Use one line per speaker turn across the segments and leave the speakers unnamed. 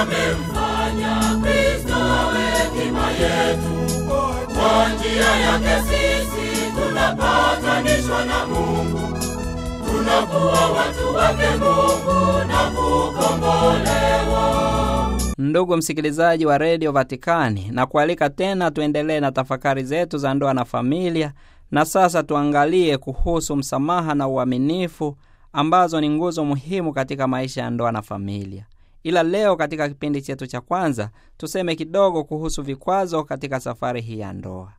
amemfanya Kristo awe hekima yetu. Kwa njia yake sisi tunapatanishwa na Mungu, tunakuwa watu wake Mungu na kukombolewa.
Ndugu msikilizaji wa redio Vatikani, na kualika tena tuendelee na tafakari zetu za ndoa na familia, na sasa tuangalie kuhusu msamaha na uaminifu ambazo ni nguzo muhimu katika maisha ya ndoa na familia. Ila leo katika kipindi chetu cha kwanza tuseme kidogo kuhusu vikwazo katika safari hii ya ndoa.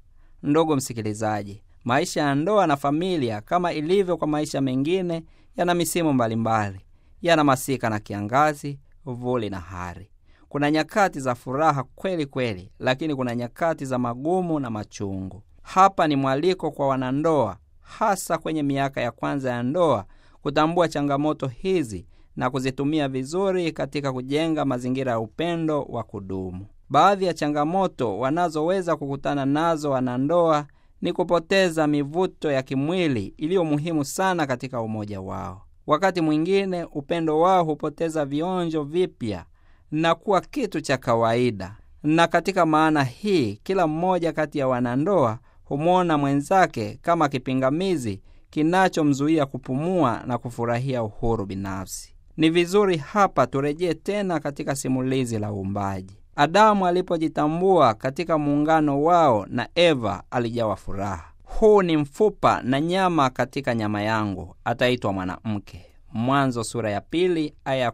Ndugu msikilizaji, maisha ya ndoa na familia, kama ilivyo kwa maisha mengine, yana misimu mbalimbali, yana masika na kiangazi, vuli na hari. Kuna nyakati za furaha kweli kweli, lakini kuna nyakati za magumu na machungu. Hapa ni mwaliko kwa wanandoa, hasa kwenye miaka ya kwanza ya ndoa, kutambua changamoto hizi na kuzitumia vizuri katika kujenga mazingira ya upendo wa kudumu. Baadhi ya changamoto wanazoweza kukutana nazo wanandoa ni kupoteza mivuto ya kimwili iliyo muhimu sana katika umoja wao. Wakati mwingine upendo wao hupoteza vionjo vipya na kuwa kitu cha kawaida, na katika maana hii, kila mmoja kati ya wanandoa humwona mwenzake kama kipingamizi kinachomzuia kupumua na kufurahia uhuru binafsi. Ni vizuri hapa turejee tena katika simulizi la uumbaji. Adamu alipojitambua katika muungano wao na Eva alijawa furaha. Huu ni mfupa na nyama katika nyama yangu, ataitwa mwanamke. Mwanzo sura ya pili ya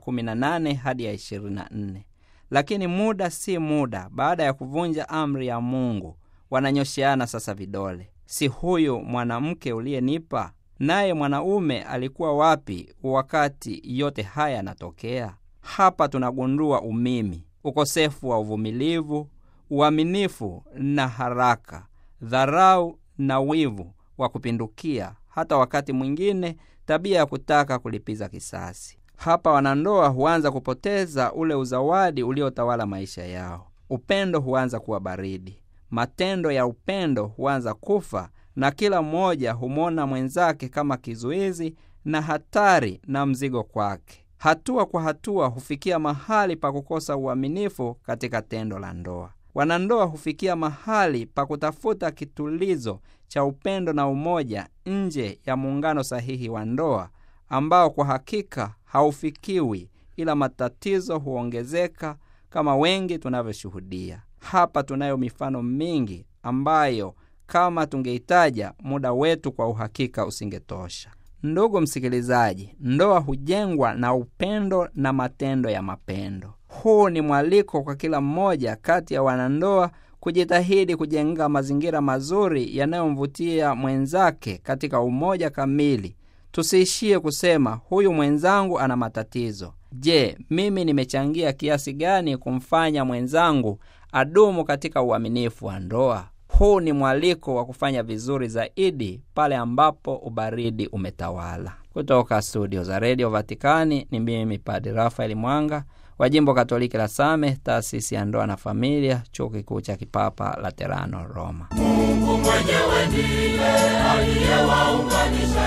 hadi ya 24. Lakini muda si muda, baada ya kuvunja amri ya Mungu, wananyosheana sasa vidole. Si huyu mwanamke uliyenipa? naye mwanaume alikuwa wapi wakati yote haya yanatokea? Hapa tunagundua umimi, ukosefu wa uvumilivu, uaminifu na haraka, dharau na wivu wa kupindukia, hata wakati mwingine tabia ya kutaka kulipiza kisasi. Hapa wanandoa huanza kupoteza ule uzawadi uliotawala maisha yao. Upendo huanza kuwa baridi, matendo ya upendo huanza kufa na kila mmoja humwona mwenzake kama kizuizi na hatari na mzigo kwake. Hatua kwa hatua hufikia mahali pa kukosa uaminifu katika tendo la ndoa. Wanandoa hufikia mahali pa kutafuta kitulizo cha upendo na umoja nje ya muungano sahihi wa ndoa, ambao kwa hakika haufikiwi, ila matatizo huongezeka kama wengi tunavyoshuhudia. Hapa tunayo mifano mingi ambayo kama tungeitaja muda wetu kwa uhakika usingetosha. Ndugu msikilizaji, ndoa hujengwa na upendo na matendo ya mapendo. Huu ni mwaliko kwa kila mmoja kati ya wanandoa kujitahidi kujenga mazingira mazuri yanayomvutia mwenzake katika umoja kamili. Tusiishie kusema huyu mwenzangu ana matatizo. Je, mimi nimechangia kiasi gani kumfanya mwenzangu adumu katika uaminifu wa ndoa? Huu ni mwaliko wa kufanya vizuri zaidi pale ambapo ubaridi umetawala. Kutoka studio za redio Vatikani ni mimi padi Rafael Mwanga wa jimbo Katoliki la Same, taasisi ya ndoa na familia, chuo kikuu cha kipapa Laterano, Roma.
Mungu mwenyewe ndiye aliyewaunganisha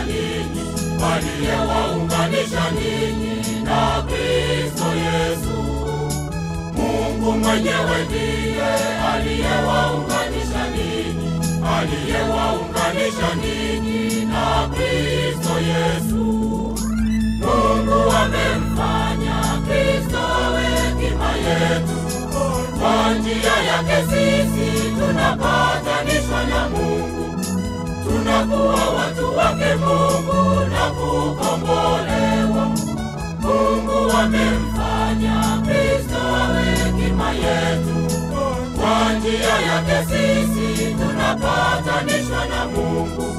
aliyewaunganisha na Kristo Yesu. Mungu mwenyewe ndiye aliyewaunganisha aliyewaunganisha ninyi na Kristo Yesu. Mungu amemfanya Kristo hekima yetu. Kwa njia yake sisi tunapatanishwa na Mungu, tunakuwa watu wake Mungu na kukombolewa. Mungu amemfanya Kristo hekima yetu. Kwa njia yake sisi tumeunganishwa na Mungu,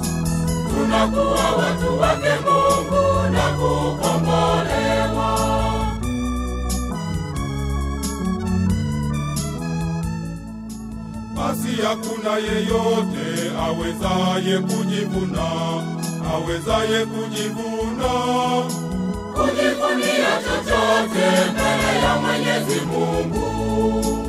tunakuwa watu wake Mungu na kukombolewa. Basi hakuna yeyote awezaye kujivuna, awezaye kujivuna, kujivunia chochote mbele ya Mwenyezi Mungu.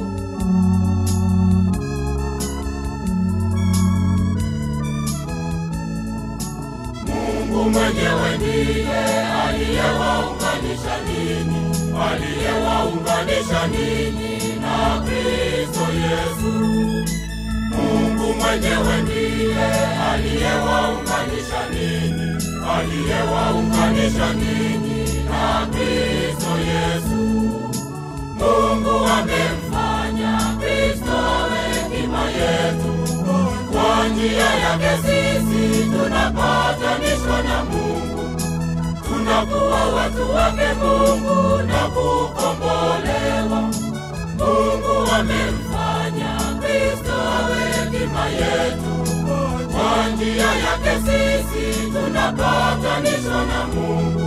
wengine aliyewaunganisha nini, aliyewaunganisha nini na Kristo Yesu. Mungu mwenyewe ndiye aliyewaunganisha nini, aliyewaunganisha nini na kuwa watu wake Mungu na kukombolewa. Mungu amemfanya Kristo awe bima yetu, kwa njia yake sisi tunapatanishwa na Mungu.